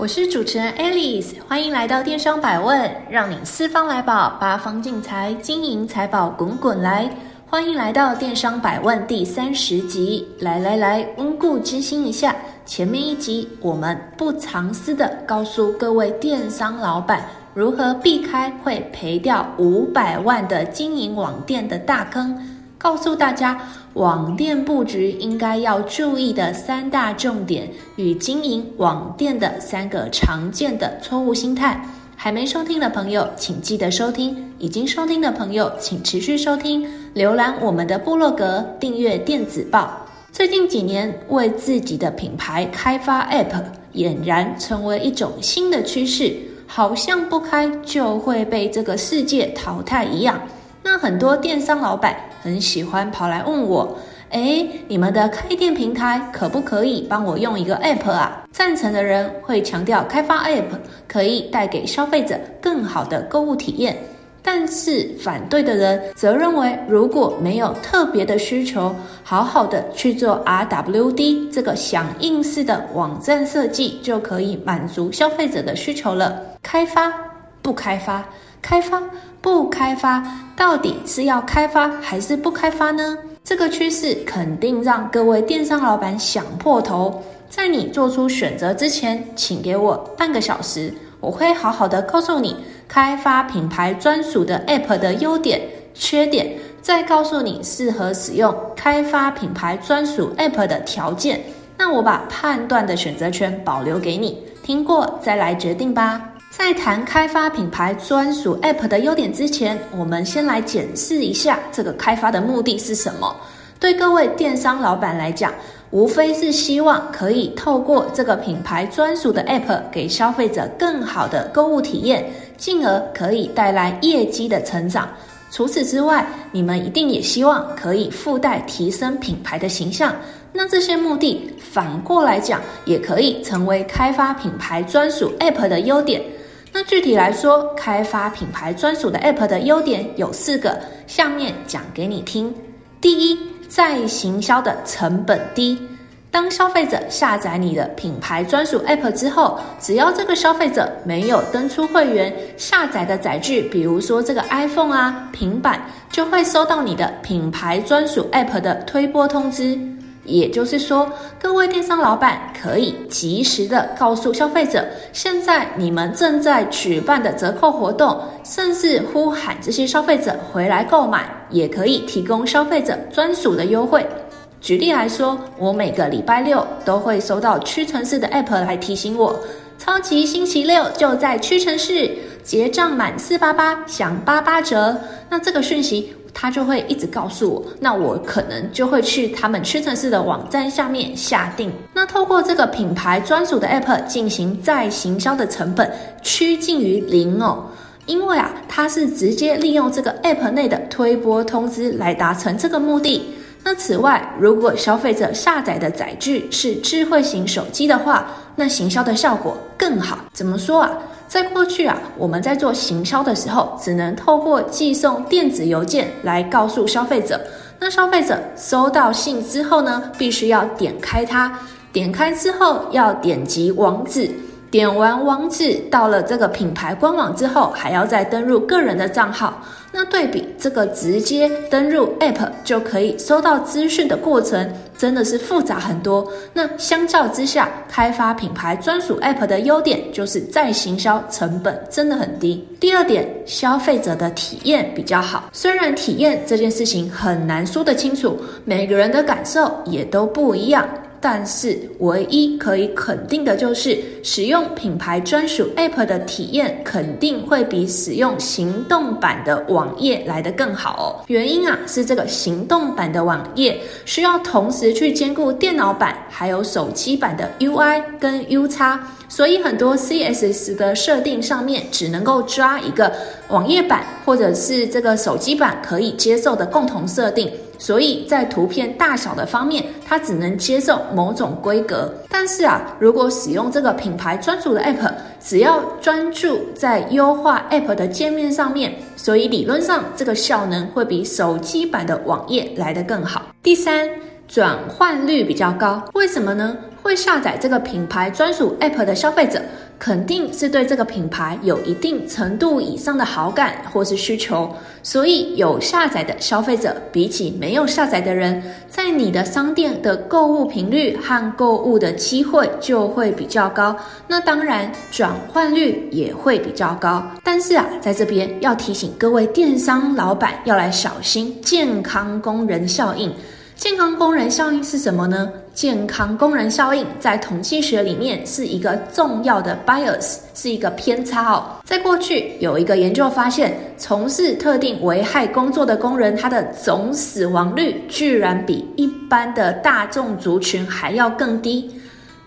我是主持人 Alice，歡迎來到電商百問，讓你四方來寶，八方進財，金銀財寶滾滾來。歡迎來到電商百問第三十集，來來來，溫故知新一下，前面一集我們不藏私的告訴各位電商老板，如何避開會賠掉五百萬的經營網店的大坑。告訴大家，網店布局應該要注意的三大重點與經營網店的三個常見的錯誤心態。還沒收聽的朋友，請記得收聽；已經收聽的朋友，請持續收聽。瀏覽我們的部落格，訂閱電子報。最近幾年，為自己的品牌開發 APP，儼然成為一種新的趨勢，好像不開就會被這個世界淘汰一樣。那很多電商老闆，很喜歡跑來問我，哎，你們的開店平台可不可以幫我用一個 App 啊？贊成的人會強調開發 App 可以帶給消費者更好的購物體驗，但是反對的人則認為如果沒有特別的需求，好好的去做 RWD 這個響應式的網站設計就可以滿足消費者的需求了。開發不開發？開發？不開發？，到底是要開發還是不開發呢？這個趨勢肯定讓各位電商老板想破頭。在你做出選擇之前，請給我半個小時，我會好好的告訴你開發品牌專屬的 APP 的優點、缺點，再告訴你適合使用開發品牌專屬 APP 的條件。那我把判斷的選擇權保留給你，聽過再來決定吧。在談開發品牌專屬 APP 的優點之前，我們先來檢視一下這個開發的目的是什麼。對各位電商老闆來講，無非是希望可以透過這個品牌專屬的 APP 給消費者更好的購物體驗，進而可以帶來業績的成長。除此之外，你們一定也希望可以附帶提升品牌的形象。那這些目的反過來講，也可以成為開發品牌專屬 APP 的優點。那具體來說，開發品牌專屬的 App 的優點有四個，下面講給你聽。第一，再行銷的成本低。當消費者下載你的品牌專屬 App 之後，只要這個消費者沒有登出會員，下載的載具，比如說這個 iPhone 啊、平板，就會收到你的品牌專屬 App 的推播通知。也就是說，各位電商老板可以及時的告訴消費者，現在你們正在舉辦的折扣活動，甚至呼喊這些消費者回來購買，也可以提供消費者專屬的優惠。舉例來說，我每個禮拜六都會收到屈臣氏的 APP 來提醒我，超級星期六就在屈臣氏，結賬滿四八八享八八折。那這個訊息。他就會一直告訴我，那我可能就會去他們屈臣氏的網站下面下訂。那透過這個品牌專屬的 app 進行再行銷的成本趨近於零哦，因為啊，它是直接利用這個 app 內的推播通知來達成這個目的。那此外，如果消費者下載的載具是智慧型手機的話，那行銷的效果更好。怎麼說啊？在過去啊，我們在做行銷的時候，只能透過寄送電子郵件來告訴消費者。那消費者收到信之後呢，必須要點開它，點開之後要點擊網址。點完網址，到了這個品牌官網之後，還要再登入個人的賬號。那對比這個直接登入 App 就可以收到資訊的過程，真的是複雜很多。那相較之下，開發品牌專屬 App 的優點就是在行銷成本真的很低。第二點，消費者的體驗比較好。雖然體驗這件事情很難說得清楚，每個人的感受也都不一樣。但是，唯一可以肯定的就是，使用品牌專屬 APP 的體驗肯定會比使用行動版的網頁來得更好哦。原因啊，是這個行動版的網頁需要同時去兼顧電腦版還有手機版的 UI 跟 UX，所以很多 CSS 的設定上面只能夠抓一個網頁版或者是這個手機版可以接受的共同設定。所以在圖片大小的方面，它只能接受某種規格。但是啊，如果使用這個品牌專屬的 APP，只要專注在優化 APP 的界面上面，所以理論上這個效能會比手機版的網頁來得更好。第三，轉換率比較高，為什麼呢？會下載這個品牌專屬 APP 的消費者。肯定是對這個品牌有一定程度以上的好感或是需求，所以有下載的消費者比起沒有下載的人，在你的商店的購物頻率和購物的機會就會比較高，那當然轉換率也會比較高。但是啊，在這邊要提醒各位電商老闆要來小心健康工人效應。健康工人效應是什麼呢？健康工人效應在統計學裡面是一個重要的 bias，是一個偏差哦。在過去有一個研究發現，從事特定危害工作的工人，他的總死亡率居然比一般的大眾族群還要更低。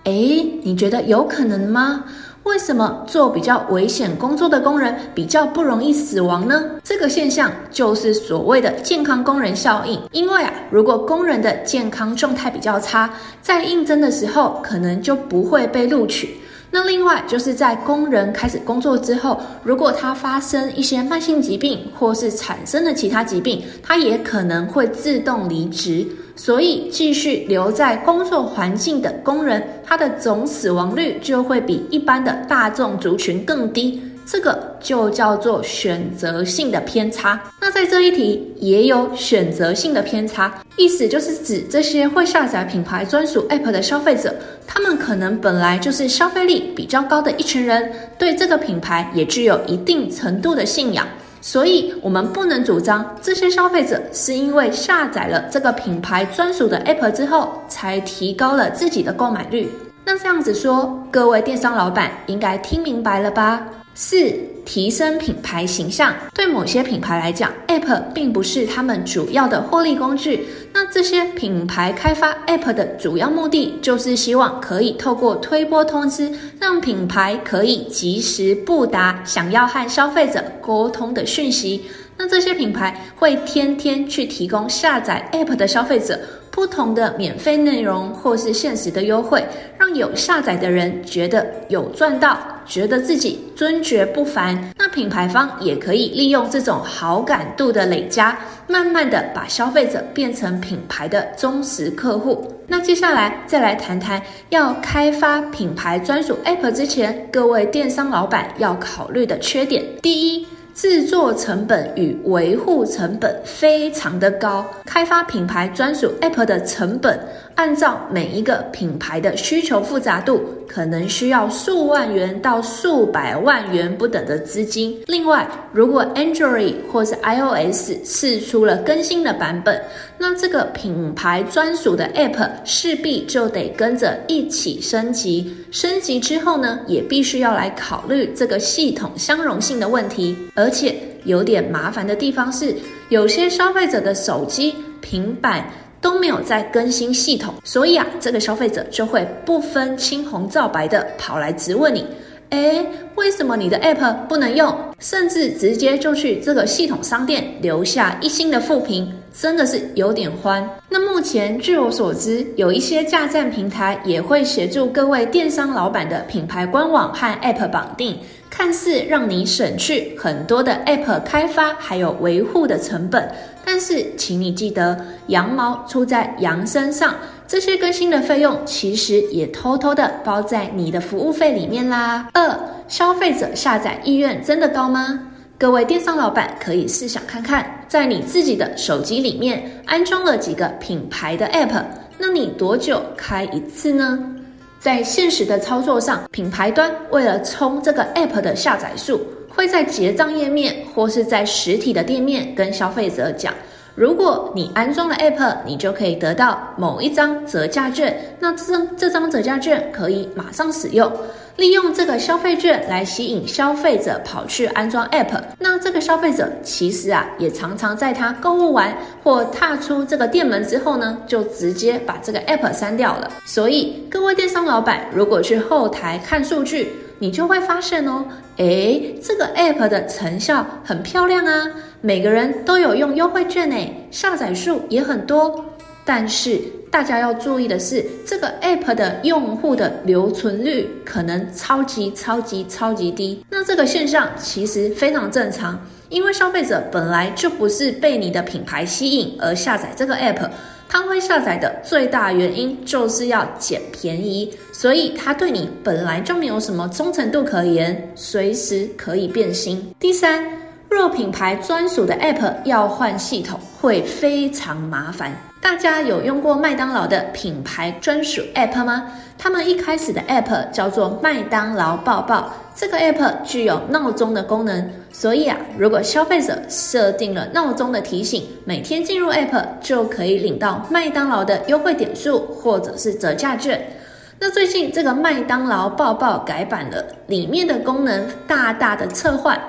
誒，你覺得有可能嗎？為什麼做比較危險工作的工人比較不容易死亡呢？這個現象就是所謂的健康工人效應。因為啊，如果工人的健康狀態比較差，在應徵的時候可能就不會被錄取。那另外就是在工人開始工作之後，如果他發生一些慢性疾病，或是產生了其他疾病，他也可能會自動離職。所以，繼續留在工作環境的工人，他的總死亡率就會比一般的大眾族群更低。這個就叫做選擇性的偏差。那在這一題也有選擇性的偏差，意思就是指這些會下載品牌專屬 APP 的消費者，他們可能本來就是消費力比較高的一群人，對這個品牌也具有一定程度的信仰。所以，我們不能主張這些消費者是因為下載了這個品牌專屬的 App 之後，才提高了自己的購買率。那這樣子說，各位電商老闆應該聽明白了吧？四。提升品牌形象，對某些品牌來講，App 並不是他們主要的獲利工具。那這些品牌開發 App 的主要目的，就是希望可以透過推播通知，讓品牌可以及時布達想要和消費者溝通的訊息。那這些品牌會天天去提供下載 APP 的消費者不同的免費內容，或是限時的優惠，讓有下載的人覺得有賺到，覺得自己尊爵不凡。那品牌方也可以利用這種好感度的累加，慢慢的把消費者變成品牌的忠實客戶。那接下來再來談談要開發品牌專屬 APP 之前，各位電商老闆要考慮的缺點。第一。製作成本與維護成本非常的高，開發品牌專屬 App 的成本，按照每一個品牌的需求複雜度，可能需要數萬元到數百萬元不等的資金。另外，如果 Android 或者 iOS 釋出了更新的版本，那這個品牌專屬的 App 勢必就得跟着一起升級。升級之後呢，也必須要來考慮這個系統相容性的問題。而且有點麻煩的地方是，有些消費者的手機、平板，都沒有在更新系統，所以啊，這個消費者就會不分青紅皂白的跑來質問你，哎，為什麼你的 app 不能用？甚至直接就去這個系統商店留下一星的負評。真的是有點歡。那目前據我所知，有一些架站平台也會協助各位電商老板的品牌官網和 App 綁定，看似讓你省去很多的 App 開發還有維護的成本，但是請你記得，羊毛出在羊身上，這些更新的費用其實也偷偷的包在你的服務費裡面啦。二，消費者下載意願真的高嗎？各位電商老板可以試想看看，在你自己的手機裡面安裝了幾個品牌的 APP，那你多久開一次呢？在現實的操作上，品牌端為了衝這個 APP 的下載數，會在結賬頁面或是在實體的店面跟消費者講，如果你安裝了 APP，你就可以得到某一張折價券，那這張這張折價券可以馬上使用。利用這個消費券來吸引消費者跑去安裝 app，那這個消費者其實啊，也常常在他購物完或踏出這個店門之後呢，就直接把這個 app 刪掉了。所以各位電商老闆，如果去後台看數據，你就會發現哦，誒，這個 app 的成效很漂亮啊，每個人都有用優惠券呢，下載數也很多。但是大家要注意的是，這個 app 的用戶的留存率可能超級超級超級低。那這個現象其實非常正常，因為消費者本來就不是被你的品牌吸引而下載這個 app，他會下載的最大原因就是要撿便宜，所以他對你本來就沒有什麼忠誠度可言，隨時可以變心。第三。若品牌專屬的 App 要換系統，會非常麻煩。大家有用過麥當勞的品牌專屬 App 嗎？他們一開始的 App 叫做麥當勞報報，這個 App 具有鬧鐘的功能。所以啊，如果消費者設定了鬧鐘的提醒，每天進入 App 就可以領到麥當勞的優惠點數或者是折價券。那最近這個麥當勞報報改版了，裡面的功能大大的撤換。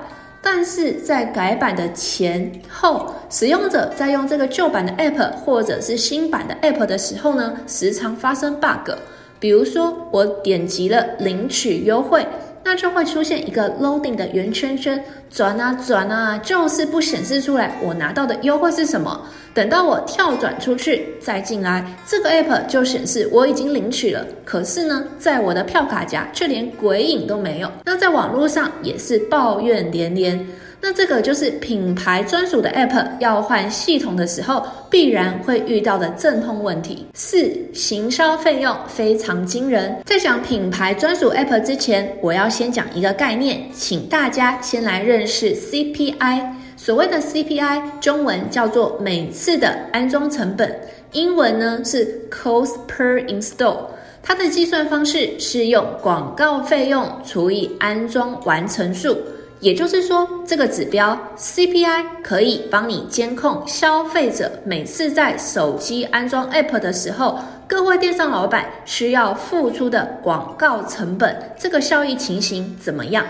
但是在改版的前後，使用者在用這個舊版的 App 或者是新版的 App 的時候呢，時常發生 bug。比如說，我點擊了領取優惠。那就會出現一個 loading 的圓圈圈，轉啊轉啊，就是不顯示出來我拿到的優惠是什麼。等到我跳轉出去再進來，這個 app 就顯示我已經領取了，可是呢，在我的票卡夾卻連鬼影都沒有。那在網絡上也是抱怨連連。那這個就是品牌專屬的 App 要換系統的時候，必然會遇到的陣痛問題。四、行銷費用非常驚人。在講品牌專屬 App 之前，我要先講一個概念，請大家先來認識 CPI。所謂的 CPI，中文叫做每次的安裝成本，英文呢是 Cost per Install。它的計算方式是用廣告費用除以安裝完成數。也就是說，這個指標 CPI 可以幫你監控消費者每次在手機安裝 App 的時候，各位電商老板需要付出的廣告成本，這個效益情形怎麼樣？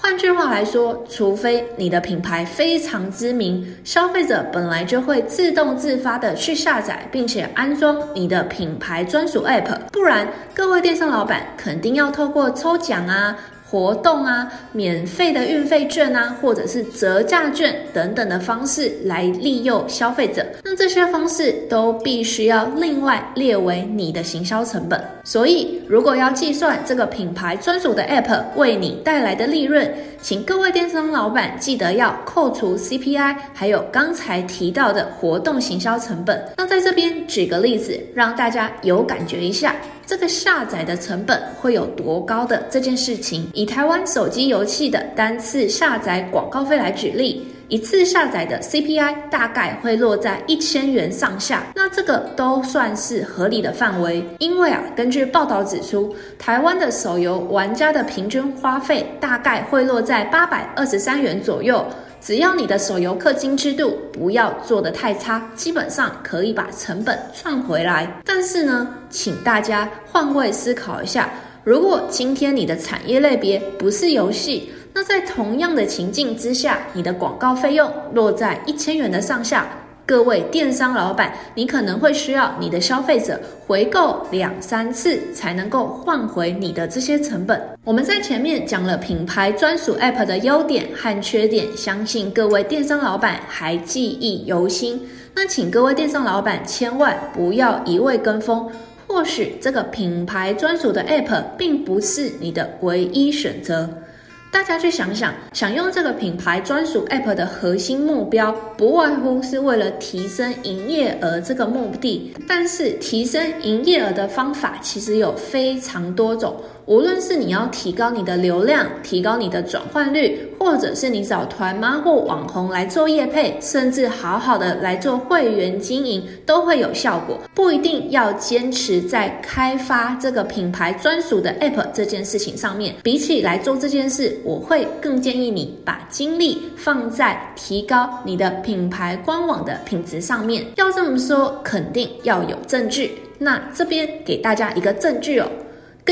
換句話來說，除非你的品牌非常知名，消費者本來就會自動自發的去下載並且安裝你的品牌專屬 App，不然各位電商老板肯定要透過抽獎啊。活動啊，免費的運費券啊，或者是折價券等等的方式來利誘消費者，那這些方式都必須要另外列為你的行銷成本。所以，如果要計算這個品牌專屬的 App 為你帶來的利潤，請各位電商老板記得要扣除 CPI，還有剛才提到的活動行銷成本。那在這邊舉個例子，讓大家有感覺一下。這個下載的成本會有多高的這件事情，以台灣手機遊戲的單次下載廣告費來舉例，一次下載的 CPI 大概會落在一千元上下。那這個都算是合理的範圍，因為啊，根據報道指出，台灣的手遊玩家的平均花費大概會落在八百二十三元左右。只要你的手遊氪金製度不要做得太差，基本上可以把成本賺回來。但是呢，請大家換位思考一下，如果今天你的產業類別不是遊戲，那在同樣的情境之下，你的廣告費用落在一千元的上下。各位電商老闆，你可能會需要你的消費者回購兩三次才能夠換回你的這些成本。我們在前面講了品牌專屬 App 的優點和缺點，相信各位電商老闆還記憶猶新。那請各位電商老闆千萬不要一味跟風，或許這個品牌專屬的 App 並不是你的唯一選擇。大家去想想，想用這個品牌專屬 App 的核心目標，不外乎是為了提升營業額這個目的。但是，提升營業額的方法其實有非常多種。無論是你要提高你的流量，提高你的轉換率，或者是你找團媽或網紅來做業配，甚至好好的來做會員經營，都會有效果。不一定要堅持在開發這個品牌專屬的 APP 這件事情上面，比起來做這件事，我會更建議你把精力放在提高你的品牌官網的品質上面。要這麼說，肯定要有證據。那這邊給大家一個證據哦。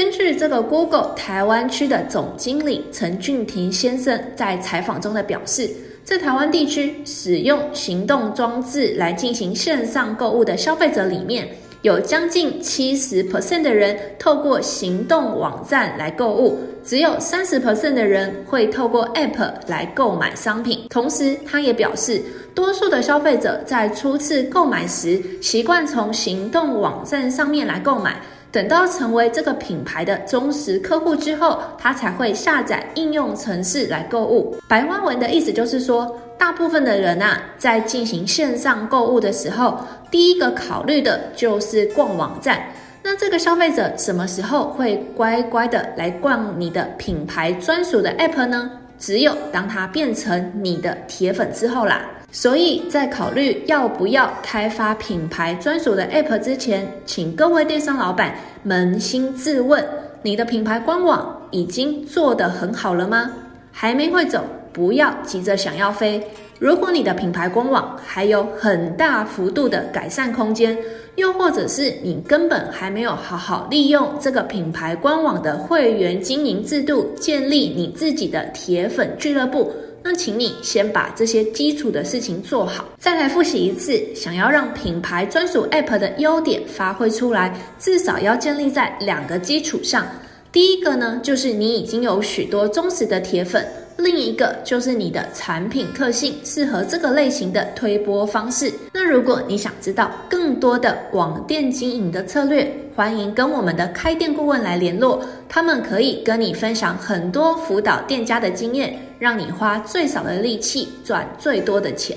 根據這個 Google 台灣區的總經理陳俊廷先生在採訪中的表示，在台灣地區使用行動裝置來進行線上購物的消費者裡面，有將近七十 percent 的人透過行動網站來購物，只有三十 percent 的人會透過 APP 來購買商品。同時，他也表示，多數的消費者在初次購買時習慣從行動網站上面來購買。等到成為這個品牌的忠實客戶之後，他才會下載應用程式來購物。白話文的意思就是說，大部分的人吶、啊，在進行線上購物的時候，第一個考慮的就是逛網站。那這個消費者什麼時候會乖乖的來逛你的品牌專屬的 APP 呢？只有當它變成你的鐵粉之後啦，所以在考慮要不要開發品牌專屬的 APP 之前，請各位電商老闆捫心自問，你的品牌官網已經做得很好了嗎？還沒會走，不要急着想要飛。如果你的品牌官網還有很大幅度的改善空間，又或者是你根本還沒有好好利用這個品牌官網的會員經營制度，建立你自己的鐵粉俱樂部，那請你先把這些基礎的事情做好，再來複習一次。想要讓品牌專屬 APP 的優點發揮出來，至少要建立在兩個基礎上。第一個呢，就是你已經有許多忠實的鐵粉。另一個就是你的產品特性適合這個類型的推播方式。那如果你想知道更多的網店經營的策略，歡迎跟我們的開店顧問來聯絡，他們可以跟你分享很多輔導店家的經驗，讓你花最少的力氣賺最多的錢。